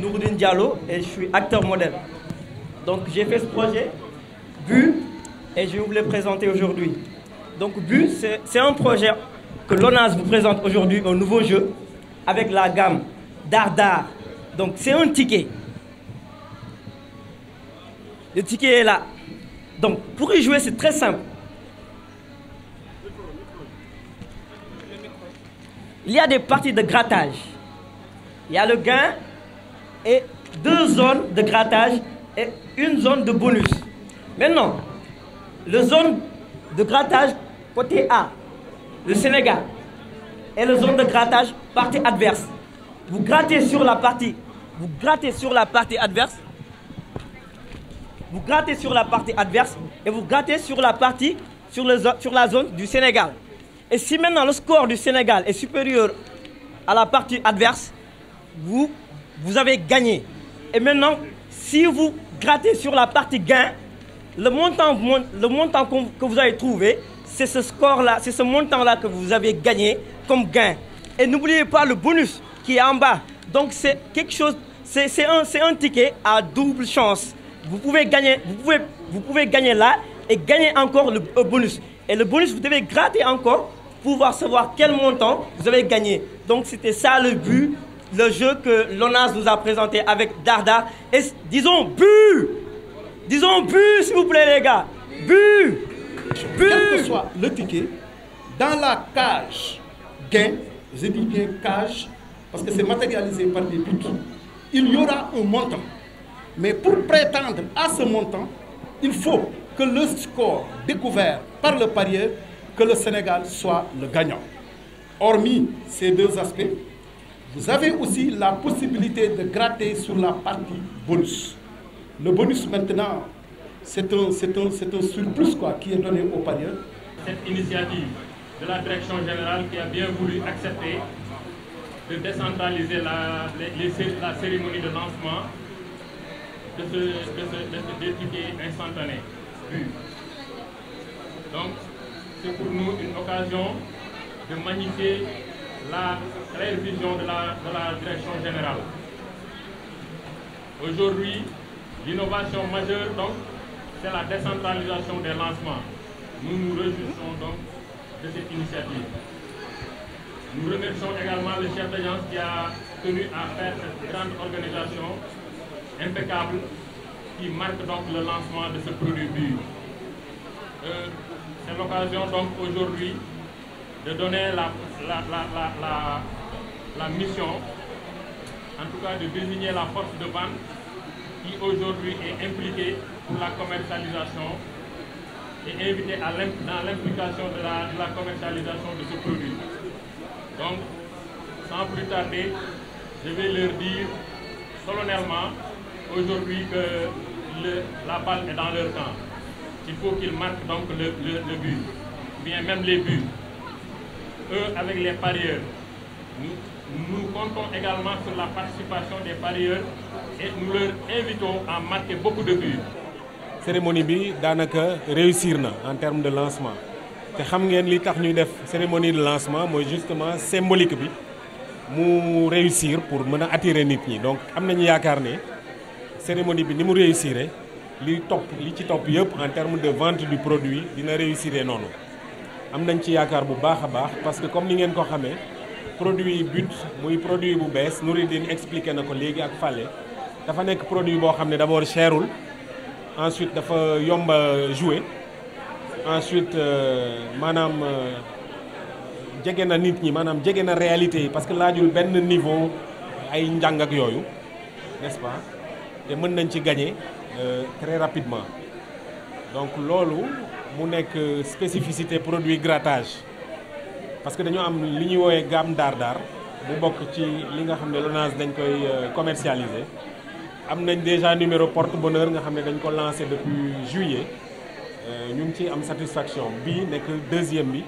Nouroudine Diallo et je suis acteur modèle. Donc j'ai fait ce projet, BU, et je vais vous le présenter aujourd'hui. Donc BU, c'est un projet que l'ONAS vous présente aujourd'hui, un nouveau jeu, avec la gamme Dardar. Donc c'est un ticket. Le ticket est là. Donc pour y jouer, c'est très simple. Il y a des parties de grattage. Il y a le gain et deux zones de grattage et une zone de bonus. non le zone de grattage côté à le Sénégal, et le zone de grattage partie adverse. Vous grattez sur la partie, vous grattez sur la partie adverse, vous grattez sur la partie adverse et vous grattez sur la partie, sur, le, sur la zone du Sénégal. Et si maintenant le score du Sénégal est supérieur à la partie adverse, vous vous avez gagné. Et maintenant, si vous grattez sur la partie gain, le montant, le montant que vous avez trouvé, c'est ce score-là, c'est ce montant-là que vous avez gagné comme gain. Et n'oubliez pas le bonus qui est en bas. Donc c'est quelque chose, c'est un, un ticket à double chance. Vous pouvez gagner, vous pouvez, là et gagner encore le, le bonus. Et le bonus, vous devez gratter encore pour pouvoir savoir quel montant vous avez gagné. Donc c'était ça le but le jeu que l'ONAS nous a présenté avec Darda. Et disons bu Disons bu, s'il vous plaît, les gars. Bu Bu le ticket, dans la cage gain, parce que c'est matérialisé par des buts, il y aura un montant. Mais pour prétendre à ce montant, il faut que le score découvert par le parieur, que le Sénégal soit le gagnant. Hormis ces deux aspects, Vous avez aussi la possibilité de gratter sur la partie bonus. Le bonus maintenant, c'est un, surplus quoi, qui est donné aux parieurs. Cette initiative de la direction générale qui a bien voulu accepter de décentraliser la, les, les, la cérémonie de lancement de ce, de ce, de ce instantané. Donc, c'est pour nous une occasion de magnifier la claire vision de la, la direction générale. Aujourd'hui, l'innovation majeure, donc, c'est la décentralisation des lancements. Nous nous réjouissons donc de cette initiative. Nous remercions également le chef d'agence qui a tenu à faire cette grande organisation impeccable qui marque donc le lancement de ce produit. Euh, c'est l'occasion donc aujourd'hui de donner la, la, la, la, mission, en tout cas de désigner la force de vente qui aujourd'hui est impliquée pour la commercialisation et invitée à dans l'implication de, de la commercialisation de ce produit. Donc, sans plus tarder, je vais leur dire solennellement aujourd'hui que le, la balle est dans leur camp. Il faut qu'ils marquent donc le, le, le bien même les buts. eux avec les parieurs. Nous, nous comptons également sur la participation des parieurs et nous leur invitons à marquer beaucoup de buts. cérémonie bi daanaka réussir na en terme de lancement te xam ngeen li tax ñuy def cérémonie de lancement mooy justement symbolique bi mu réussir pour mën a attirer nit ñi donc am nañu yaakaar ne cérémonie bi ni mu réussir li topp li ci topp yëpp en terme de vente du produit dina réussir noonu. am nañ ci yaakaar bu baax a baax parce que comme ni ngeen ko xamee produit yi but muy produit bu bees Nouridine expliqué na ko léegi ak Fallé dafa nekk produit boo xam ne d'abord cherul ensuite dafa yomb a jouer ensuite euh, maanaam euh, jege na nit ñi maanaam jege na réalité yi parce que laajul benn niveau ay njàng ak yooyu n'est-ce pas te mën nañ ci gagner euh, très rapidement donc loolu mu nekk spécificité produit grattage parce que dañoo am li ñuy woowee gamme daar daar bu mbokk ci li nga xam ne Lonase dañ koy euh, commercialiser am nañ déjà numéro porte bonheur nga xam ne dañ ko lancé depuis juillet euh, ñu ngi ciy am satisfaction bii nekk deuxième bi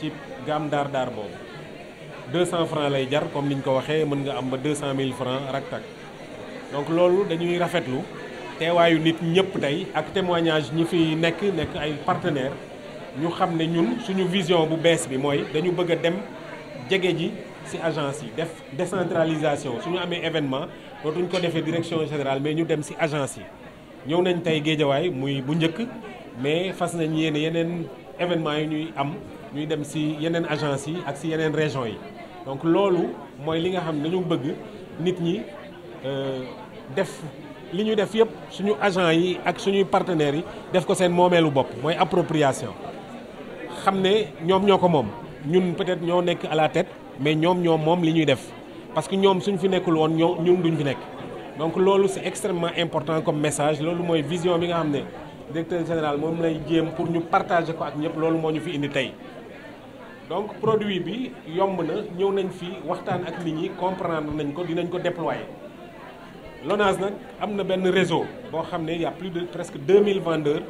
ci gamme daar daar boobu 200 francs lay jar comme ni ñu ko waxee mën nga am ba 200 000 francs raktak donc loolu dañuy rafetlu teewaayu nit ñëpp tey ak témoignage ñi fi nekk nekk ay partenaires ñu xam ne ñun suñu vision bu bees bi mooy dañu bëgg a dem jege ji ci agence yi def décentralisation suñu amee événement dootuñ ko defee direction général mais ñu dem ci agence yi ñëw nañ tey géejawaay muy bu njëkk mais fas nañ yéene yeneen événement yi ñuy am ñuy dem ci yeneen agence yi ak ci yeneen région yi donc loolu mooy li nga xam ne dañu bëgg nit ñi euh, def li ñuy def yëpp suñu agent yi ak suñuy partenaires yi def ko seen moomeelu bopp mooy appropriation xam ne ñoom ñoo ko moom ñun peut-être ñoo nekk à la tête mais ñoom moom li ñuy def parce que ñoom suñu fi nekkul woon ñoo ñun duñ fi nekk donc loolu c'est extrêmement important comme message loolu mooy vision bi nga xam ne directeur général moom lay jéem pour ñu partager ko ak ñëpp loolu moo ñu fi indi tey donc produit bi yomb na ñëw nañ fi waxtaan ak nit ñi comprendre nañ ko dinañ ko déployer Lonase nag am na benn réseau boo xam ne y a plus de presque 2000 vendeurs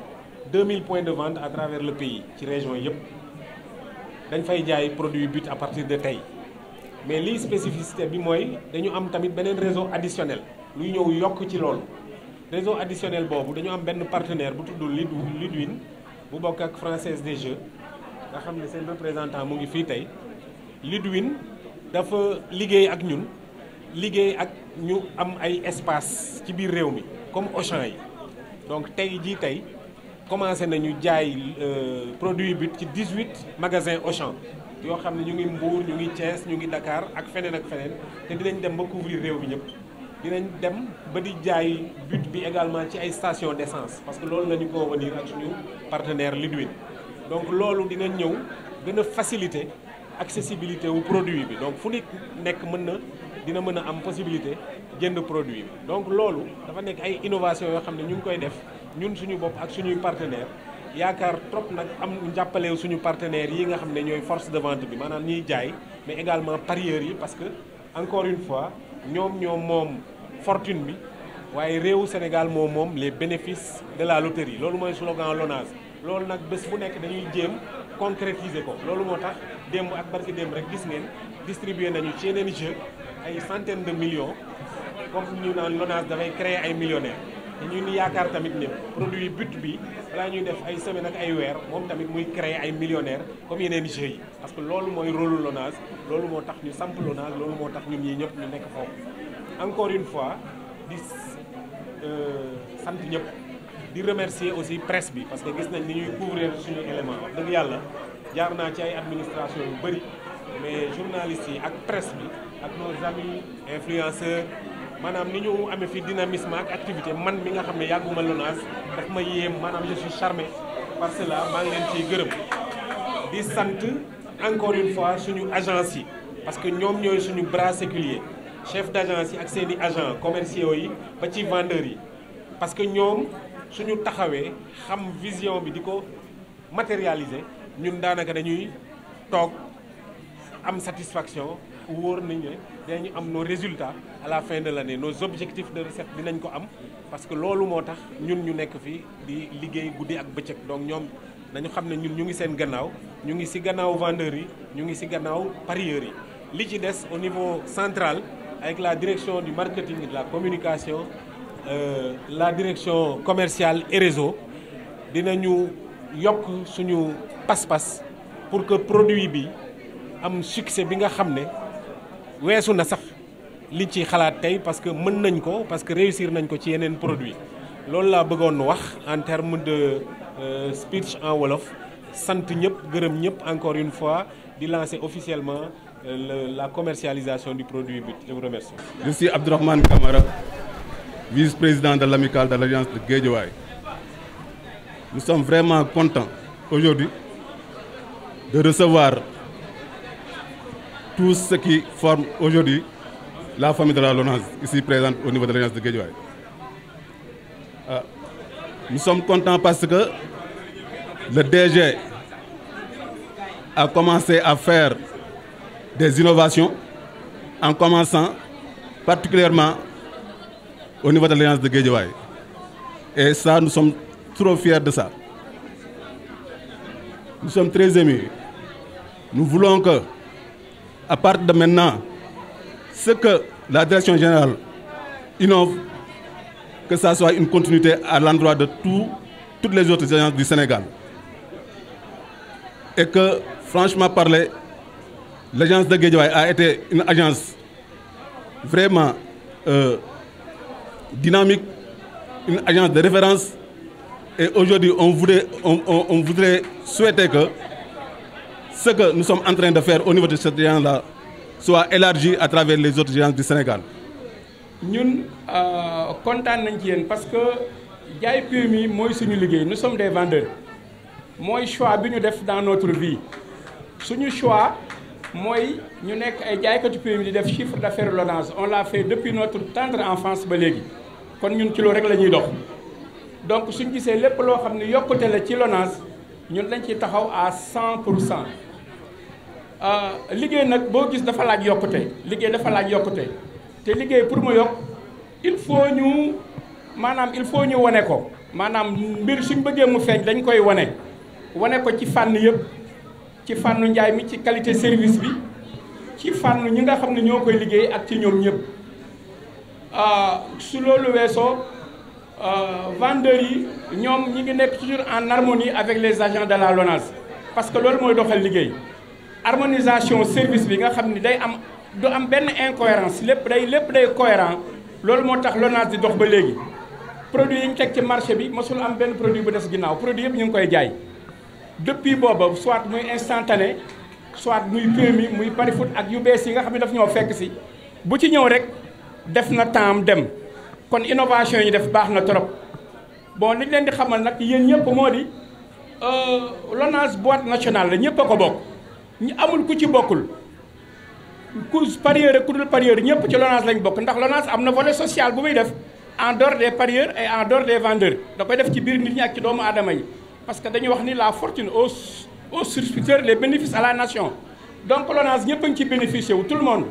2000 points de vente à travers le pays ci région yëpp dañ fay jaay produit but à partir de tey mais li spécificité bi mooy dañu am tamit beneen réseau additionnel luy ñëw yokk ci loolu réseau additionnel boobu dañu am benn partenaire bu tudd Ludwin bu bokk ak Française des Jeux nga xam ne seen représentant mu ngi fii tey Ludwin dafa liggéey ak ñun liggéey ak ñu am ay espace ci biir réew mi comme Auchan yi donc tey jii tey commencé nañu jaay euh, produit bi ci 18 magasin Auchan yoo xam ne ñu ngi Mbour ñu ngi Thiès ñu ngi Dakar ak feneen ak feneen te dinañ dem ba couvrir réew mi ñëpp dinañ dem ba di jaay but bi également ci ay station d'essence parce que loolu nañu koo convenir ak suñu partenaire Lidwin donc loolu dinañ ñëw gën a faciliter accessibilité wu produit bi donc fu nit nekk mën na dina mën a am possibilité jënd produit bi donc loolu dafa nekk ay innovation yoo xam ne ñu ngi koy def ñun suñu bopp ak suñuy partenaire yaakaar trop nag am njàppale suñu partenaires yi nga xam ne ñooy force de vente bi maanaam ñiy jaay mais également parieurs yi parce que encore une fois ñoom ñoom moom fortune bi waaye réewu Sénégal moo moom les bénéfices de la loterie loolu mooy slogan LONASE loolu nag bés bu nekk dañuy jéem concrétiser ko loolu moo tax démb ak barki démb rek gis ngeen distribuer nañu ci yeneen jeu ay centaines de millions comme ñu naan LONASE dafay créer ay millionnaires te ñu ni yaakaar tamit ne produit but bi balaa ñuy def ay semaine ak ay weer moom tamit muy créer ay millionnaires comme yeneen jeu yi parce que loolu mooy rôle LONASE loolu moo tax ñu samp LONASE loolu moo tax ñu nii ñëpp ñu nekk foofu encore une fois di euh, sant ñëpp di remercier aussi presse bi parce que gis nañ ni ñuy couvrir suñu élément wax dëgg yàlla jaar naa ci ay administration yu bëri mais journalistes yi ak presse bi ak nos amis influenceurs maanaam ni ñu amee fi dynamisme ak activité man mi nga xam ne yàgguma LONASE daf ma yéem maanaam je suis charmé par cela maa ngi leen ciy gërëm di sant encore une fois suñu agence yi parce que ñoom ñooy suñu bras séculier chef d' agence yi ak seen agent agents yi ba ci vendeurs yi suñu taxawee xam vision bi di ko matérialiser ñun daanaka dañuy toog am satisfaction wóor nañ ne dinañu am no résultat à fin de l'année nos objectifs de recette dinañ ko am parce que loolu moo tax ñun ñu nekk fii di liggéey guddi ak bëccëg donc ñoom nañu xam ne ñun ñu ngi seen gannaaw ñu ngi ci gannaaw vendeurs yi ñu ngi ci gannaaw parieurs yi li ci des au niveau centrale avec la direction du marketing et la communication Euh, la direction commerciale et dina ñu yokk suñu pas-pas pour que produit bi am succès bi nga xam ne weesu na sax li ci xalaat tey parce que mën nañ ko parce que réussir nañ ko ci yeneen produit loolu laa bëggoon wax en terme de euh, speech en wolof sant ñëpp gërëm ñëpp encore une fois di lancer officiellement euh, la commercialisation du produit bi je vous remercie. je suis vice-président de l'amicale de l'Alliance de Guédiawaye. Nous sommes vraiment contents aujourd'hui de recevoir tous ceux qui forment aujourd'hui la famille de la LONASE ici présente au niveau de l'Alliance de Guédiawaye. Euh, nous sommes contents parce que le DG à commencé à faire des innovations en commençant particulièrement au niveau de l'Alliance de Guédiawaye et ça nous som trop fiers de ça nous sommes très émus nous voulons que à partir de maintenant ce que la direction général innove que ça soit une continuité à l'endroit de tout toutes les autres agences du Sénégal et que franchement parler l'agence de Guédiawaye a été une agence vraiment euh, dinamique une agence de référence. Et aujourd'hui, on voudrait, on, on, on voudrait souhaiter que ce que nous sommes de faire au niveau de cette géant-là élargi à travers les autres géants du Sénégal. ñun euh, kontaan nañ ci yéen parce que jaay PMI mooy suñu liggéey nous sommes des vendeurs mooy choix bi ñu def dans notre vie suñu choix mooy ñu nekk ay jaaykatu PMI di def chiffre d'affaires Lonase on l'a fait depuis notre tendre enfance ba léegi. kon ñun kilo rek la ñuy dox donc suñ gisee lépp loo xam ne yokkute la ci LONASE ñun dañ ciy taxaw à 100 pour cent euh, liggéey nag boo gis dafa laaj yokkute liggéey dafa laaj yokkute te liggéey pour mu yokk il faut ñu maanaam il faut ñu wane ko maanaam mbir suñ bëggee mu feeñ dañ koy wane wane ko ci fànn yëpp ci fànnu njaay mi ci qualité service bi ci fànn ñi nga xam ne ñoo koy liggéey ak ci ñoom ñëpp. Euh, su loolu weesoo euh, vendeurs yi ñoom ñi ngi nekk toujours en narmonie avec les agents de la LONASE parce que loolu mooy doxal liggéey harmonisation service bi nga xam ni day am du am benn incohérence lépp day lépp day cohérent loolu moo tax LONASE di dox ba léegi produit yi ñu teg ci marché bi mosul am benn produit bu des ginnaaw produit yëpp ñu ngi koy jaay depuis booba soit muy instantané soit muy PMI muy pari foot ak yu bees yi nga xam ne daf ñoo fekk si bu ci ñëw rek def na temps dem kon innovation yi def baax na trop bon li leen di xamal nag yéen ñëpp moo di euh, LONASE boîte nationale la ñëpp ko bokk ñu amul ku ci bokkul ku parieur ku dul parieur ñëpp ci LONASE lañu bokk ndax LONASE am na volet social bu muy def en dehors des parieurs en dehors des vendeurs da koy def ci biir nit ñi ak ci doomu aadama yi parce que dañuy wax ni la fortune au aux souscripteurs les bénéfices à la nation donc LONASE ñëpp a ngi ci bénéficié wu tout le monde